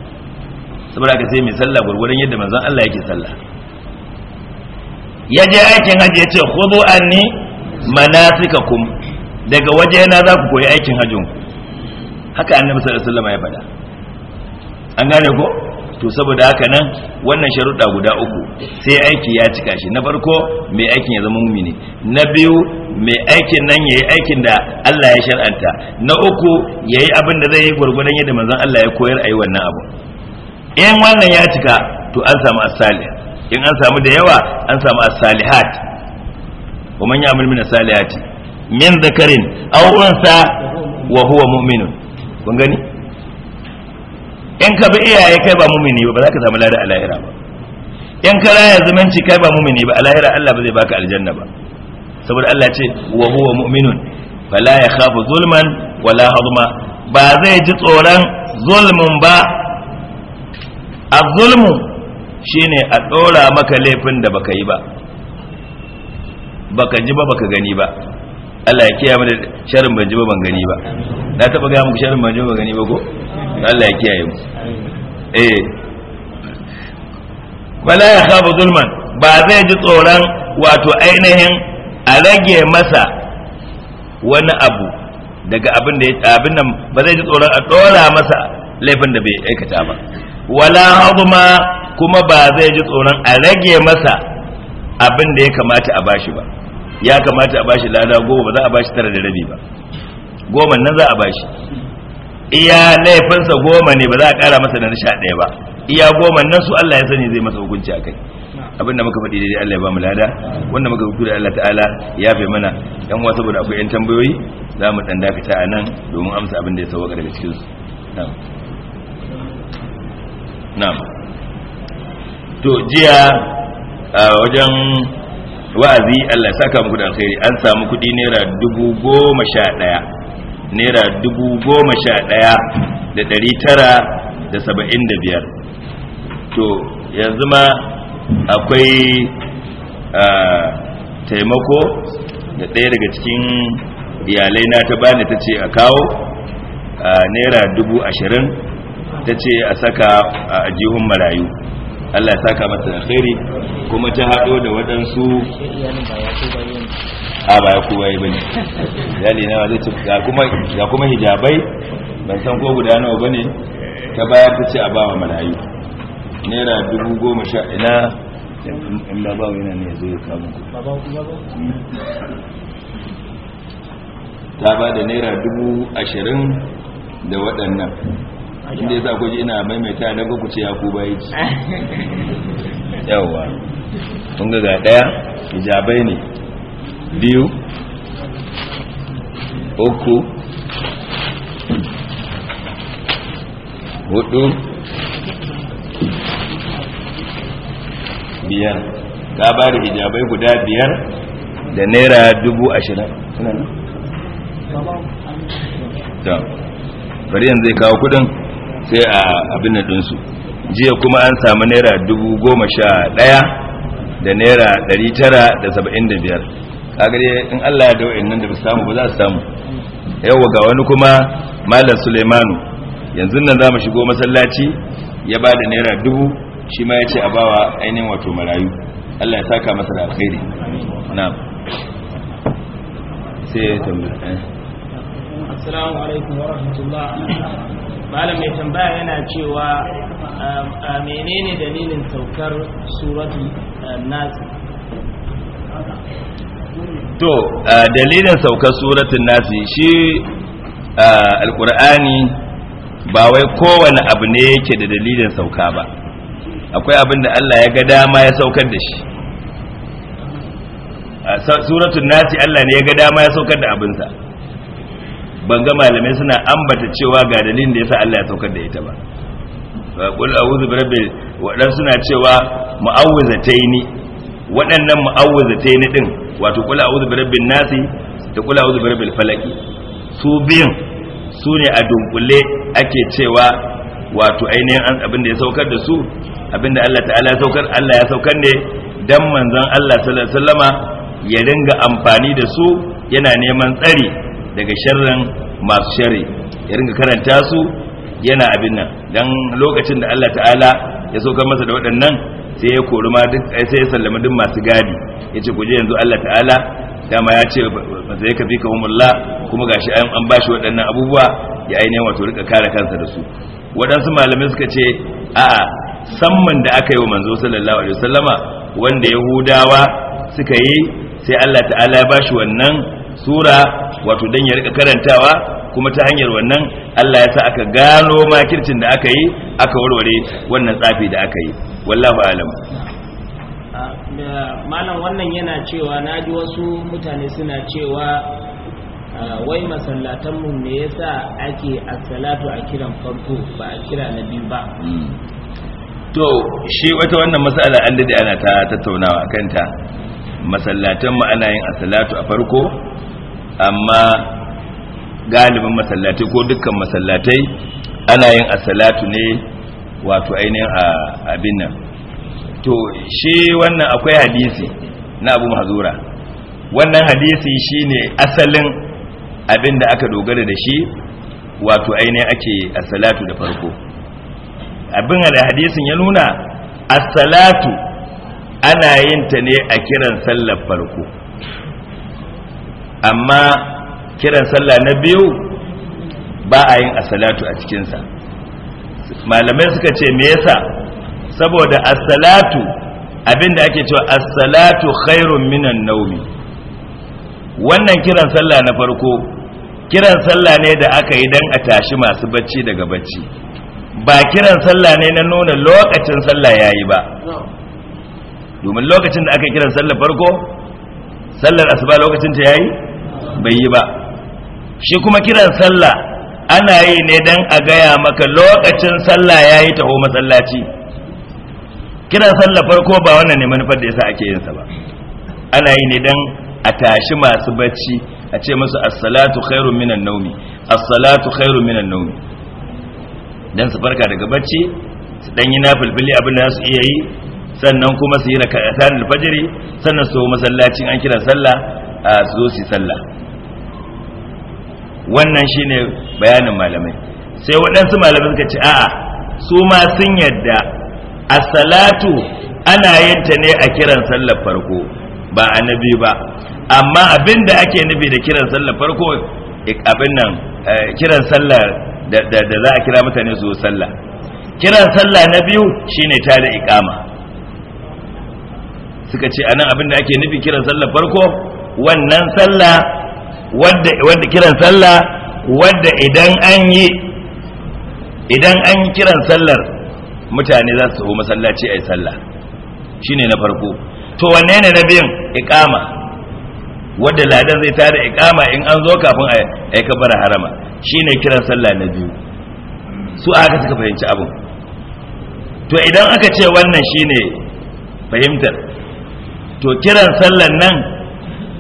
saboda ka sai mai sallah gurgurun yadda manzon Allah yake sallah ya je aikin hajji ya ce khudu anni manasikakum daga waje za ku koyi aikin hajjin haka annabi sallallahu alaihi wasallam ya faɗa an gane ko to saboda haka nan wannan sharuɗa guda uku sai aiki ya cika shi na farko mai aikin ya zama mumini na biyu mai aikin nan ya aikin da Allah ya shar'anta na uku ya yi abin da zai yi gwargwadon yadda manzon Allah ya koyar a yi wannan abu in wannan ya cika to an samu asali in an samu da yawa an samu salihat wa man ya'mal min asalihati min zakarin aw unsa wa huwa mu'minun kun gani in ka bi iyaye kai ba mumini ba ba za ka samu lada a lahira ba in ka raya zumunci kai ba mumini ba a lahira Allah ba zai baka aljanna ba saboda Allah ce wa huwa mu'minun fala ya khafu zulman wala hadma ba zai ji tsoron zulmun ba az-zulmu shine a dora maka laifin da baka yi ba baka ji ba baka gani ba Allah ya kiyaye mu da sharrin ban ji ba ban gani ba na taba ga muku sharrin ban ji ba ban gani ba ko Allah ya kiyaye mu eh wala ya khabu zulman ba zai ji tsoron wato ainihin a rage masa wani abu daga abin da abin nan ba zai ji tsoron a dora masa laifin da bai aikata ba wala hazuma kuma ba zai ji tsoron a rage masa abin da ya kamata a bashi ba ya kamata a bashi lada goma ba za a bashi tara da rabi ba goma nan za a bashi iya laifinsa goma ne ba za a kara masa da na daya ba iya goma nan su Allah ya sani zai masa hukunci a kai abinda muka faɗi dai-dai Allah ya ba mu lada wanda muka kuka da Allah ta'ala ya fi mana yan wasu saboda akwai yan tambayoyi za mu ɗan dakata a nan domin amsa abin da ya sauka daga cikin su na'am to jiya a wajen wa'azi Allah ya saka muku da alkhairi an samu kuɗi naira dubu goma sha ɗaya naira dubu goma sha ɗaya da ɗari tara da saba'in da biyar to yanzu ma akwai taimako da ɗaya daga cikin iyalai na ta bani ta ce a kawo naira dubu ashirin ta ce a saka a ajihun marayu Allah ya saka mata da khairi kuma ta hado da waɗansu a ba ya kowa yi bane yali na zai ci ga kuma hijabai ban san ko guda nawa bane ta baya ta ce a ba wa marayu naira dubu goma sha ina in ba ba wani ne zai kamun ta ba da naira dubu ashirin da waɗannan inda ya ku ji ina maimaita na ga ku ce ya ku bai ci [LAUGHS] Yawwa. kun ga daya hijabai ne biyu uku hudu biyar ta ba da hijabai guda biyar da naira dubu ashirin suna nan? bari yanzu ya kawo kudin sai a abin dinsu jiya kuma an samu naira dubu goma sha ɗaya da naira ɗari tara da saba'in da biyar kagare in allah ya dawa'in nan da ba samu ba za su samu yau ga wani kuma malam suleimanu yanzu nan za mu shigo masallaci ya ba da naira dubu shi ma ya ce a bawa ainihin wato marayu allah ya saka masa da alkhairi na sai ya tambaye assalamu alaikum wa rahmatullah malam mai tambaya yana cewa um, uh, menene dalilin saukar suratu uh, nasi to uh, dalilin saukar suratun nasi shi alkur'ani ba wai kowane abu ne yake da dalilin sauka ba akwai abin da Allah ya ga dama ya saukar da shi suratun nasi Allah ne ya ga dama ya saukar da abinsa ban ga malamai suna ambata cewa ga dalilin da yasa Allah ya saukar da ita ba qul a'udhu bi rabbil wadan suna cewa mu'awwizataini waɗannan mu'awwizataini din wato qul a'udhu bi rabbin nasi da qul a'udhu bi rabbil falaki su biyan su ne a dunkule ake cewa wato ainihin an abin da ya saukar da su abinda Allah ta'ala ya saukar Allah ya saukar ne dan manzon Allah sallallahu alaihi wasallama ya ringa amfani da su yana neman tsari daga sharrin masu shari ya ringa karanta su yana abin nan don lokacin da Allah ta'ala ya so masa da waɗannan sai ya kori ma duk eh, sai ya sallama duk masu gadi yace ku je yanzu Allah ta'ala dama ya ce ba zai ka fika kuma gashi an bashi waɗannan abubuwa ya ainihin wato rika kare kansa da su waɗansu malamai suka ce a'a samman da aka yi wa manzo sallallahu alaihi wasallama wanda yahudawa suka yi sai Allah ta'ala ya bashi wannan sura wato dan ya rika karantawa kuma ta hanyar wannan Allah ya sa aka gano makircin da aka yi aka warware wannan tsafi da aka yi wallahu alam malam wannan yana cewa na ji wasu mutane suna cewa ah, wai masallatanmu me yasa ake assalatu a kiran farko ba a kira na biyu ba hmm. to shi wata wannan matsala an da ana ta tattaunawa kanta masallatan mu ana yin asalatu a farko amma galibin masallatai ko dukkan masallatai ana yin asalatu ne wato ainihin a abin nan to shi wannan akwai hadisi na abu mahzura wannan hadisi shine asalin abin da aka dogara da shi wato ainihin ake asalatu da farko abin da hadisin ya nuna asalatu ana yin ta ne a kiran sallar farko amma kiran sallah na biyu ba a yin asalatu a cikinsa malamai suka ce me yasa saboda asalatu abinda ake cewa asalatu khairun minan naumi wannan kiran sallah na farko kiran sallah ne da aka yi dan a tashi masu bacci daga bacci ba kiran sallah ne na nuna lokacin sallah ya yi ba domin lokacin da aka kiran sallar farko sallar asuba lokacin ta yayi bai yi ba shi kuma kiran sallah ana yi ne dan a gaya maka lokacin sallah yayi taho masallaci kiran sallar farko ba wannan ne manufar da yasa ake yin sa ba ana yi ne dan a tashi masu bacci a ce musu as-salatu khairun minan nawmi as-salatu khairun minan nawmi dan su farka daga bacci su dan yi nafilfili abin da za su iya yi sannan kuma su yi na kayatar alfajiri sannan su masallacin an kira sallah a su zo su sallah wannan shine bayanin malamai sai waɗansu malamai suka ce a'a su ma sun yadda a salatu ana yin ta ne a kiran sallar farko ba a nabi ba amma abin da ake nufi da kiran sallar farko abin nan kiran sallar da za a kira mutane su sallah kiran sallah na biyu shine ta ikama suka ce anan abin da ake nufi kiran sallar farko wannan sallah wadda wadda kiran sallah wadda idan an yi idan an kiran sallar mutane za su tafi masallaci yi sallah shine na farko to wanne ne na biyan iqama wadda ladan zai tada iqama in an zo kafin a kabara harama shine kiran sallah na biyu su aka suka fahimci abin to idan aka ce wannan shine fahimtar to kiran sallan nan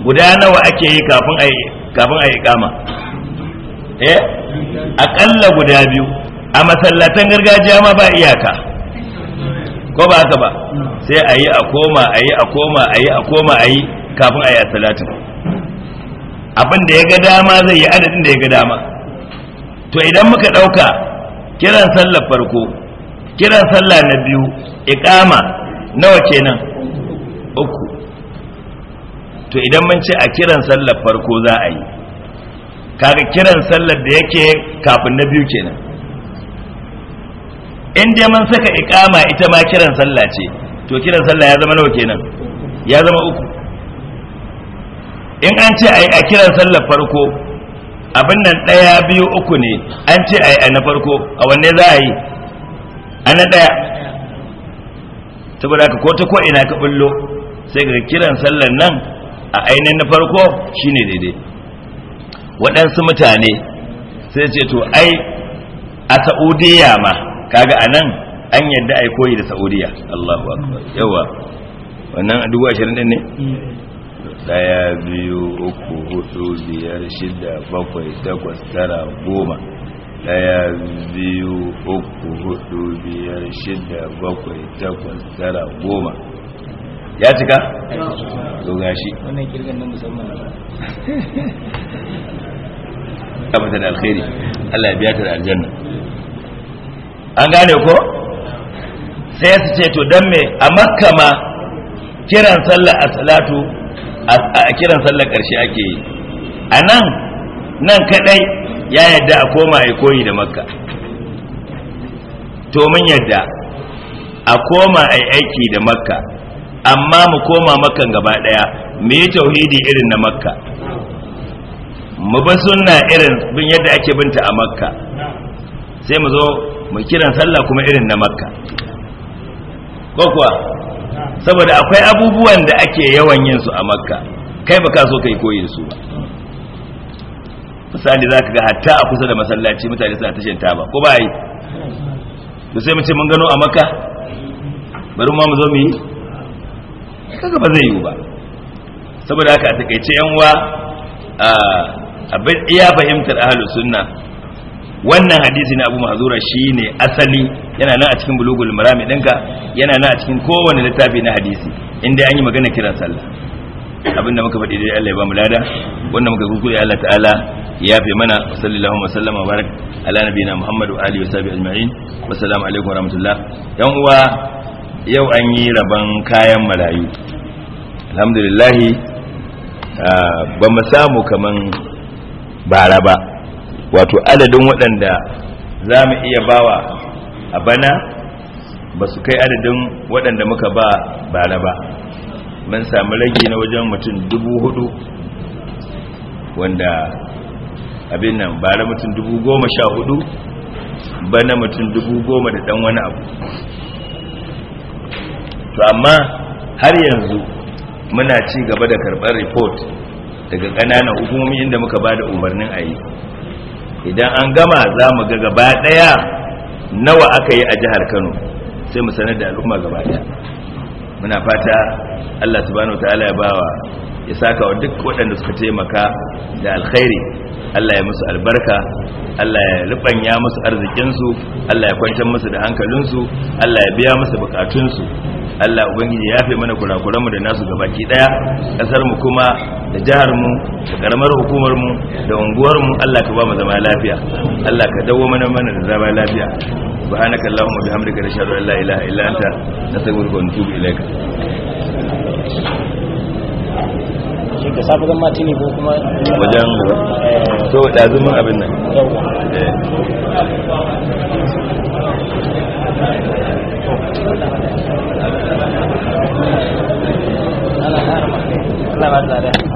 guda nawa ake yi kafin a kafin a iqama eh akalla guda biyu a masallatan gargajiya ma ba iyaka ko ba haka ba sai a yi a koma a yi a koma a yi a koma a yi kafin a yi a salatin abin da ya ga dama zai yi adadin da ya ga dama to idan muka ɗauka kiran sallar farko kiran sallah na biyu iqama nawa kenan uku to idan mun ce a kiran sallar farko za a yi kaga kiran sallar da yake kafin na biyu kenan in dai mun saka ikama ita ma kiran sallah ce to kiran sallah ya zama nawa kenan ya zama uku in an ce ai a kiran sallar farko abin nan daya biyu uku ne an ce ai a na farko a wanne za a yi a na daya saboda ka ko ta ko ina ka bullo sai ga kiran sallar nan a ainihin na farko shine daidai waɗansu mutane sai ce to ai a sa'udiyya ma kaga anan an yadda ai koyi da sa'udiyya Allahu akbar yawa wannan a dubu ashirin ɗin ne daya biyu uku hudu biyar shida bakwai takwas tara goma daya biyu uku hudu biyar shida bakwai takwas tara goma ya cika to gashi wannan kirgan na musamman ta da alkhairi Allah ya biya ta da aljanna an gane ko sai su ce to dan me a makka ma kiran sallar as-salatu a kiran sallar karshe ake yi a nan nan kadai ya yadda a koma ya koyi da makka to mun yadda a koma a aiki da makka amma mu koma makan gaba daya mu yi tauhidi irin na makka mu ba sunna irin bin yadda ake binta a makka sai mu zo mu kiran sallah kuma irin na makka ko kuwa saboda akwai abubuwan da ake yawan yin su a makka kai baka so kai koyi su ba misali zaka ga hatta a kusa da masallaci mutane suna tashin taba ko ba yi to sai mu ce mun gano a makka bari mu zo mu yi kaga ba zai yi ba saboda haka a takaice yan wa abin iya fahimtar ahlus sunna wannan hadisi na abu mahzura shine asali yana nan a cikin bulugul marami dinka yana nan a cikin kowane littafi na hadisi inda an yi magana kiran sallah abinda muka faɗi dai Allah ya ba mu lada wannan muka kuskure Allah ta'ala ya fi mana sallallahu wa sallama wa barak ala nabiyina Muhammad wa alihi wa sahbihi ajma'in wa assalamu alaikum wa yan uwa yau an yi rabon kayan marayu alhamdulillahi ba mu samu kaman bara ba wato adadin waɗanda za mu iya bawa a bana ba su kai adadin waɗanda muka ba bara ba mun samu rage na wajen mutum dubu hudu wanda abin nan bara mutum dubu goma sha hudu bana mutum dubu goma da ɗan wani abu to amma har yanzu muna ci gaba da karɓar report daga ƙananan hukumomi inda muka ba da umarnin a yi idan an gama za mu ga gaba ɗaya nawa aka yi a jihar kano sai mu sanar da al'umma gaba ɗaya muna fata allah subhanahu ta'ala ya bawa ya saka wa duk waɗanda suka taimaka da alkhairi Allah ya musu albarka Allah ya rubanya musu arzikinsu Allah ya kwantar musu da hankalinsu Allah ya biya musu bukatunsu Allah ubangiji ya fi mana kurakuranmu da nasu gabaki daya ƙasarmu kuma da jiharmu da ƙaramar hukumarmu da unguwarmu Allah ka ba mu zama lafiya Allah ka dawo mana mana da zama lafiya subhanaka allahumma bihamdika an la ilaha illa anta nastaghfiruka wa natubu ilaika shi ka safi zama tini ko kuma wajen to ɗazumin abin nan eh. Allah ba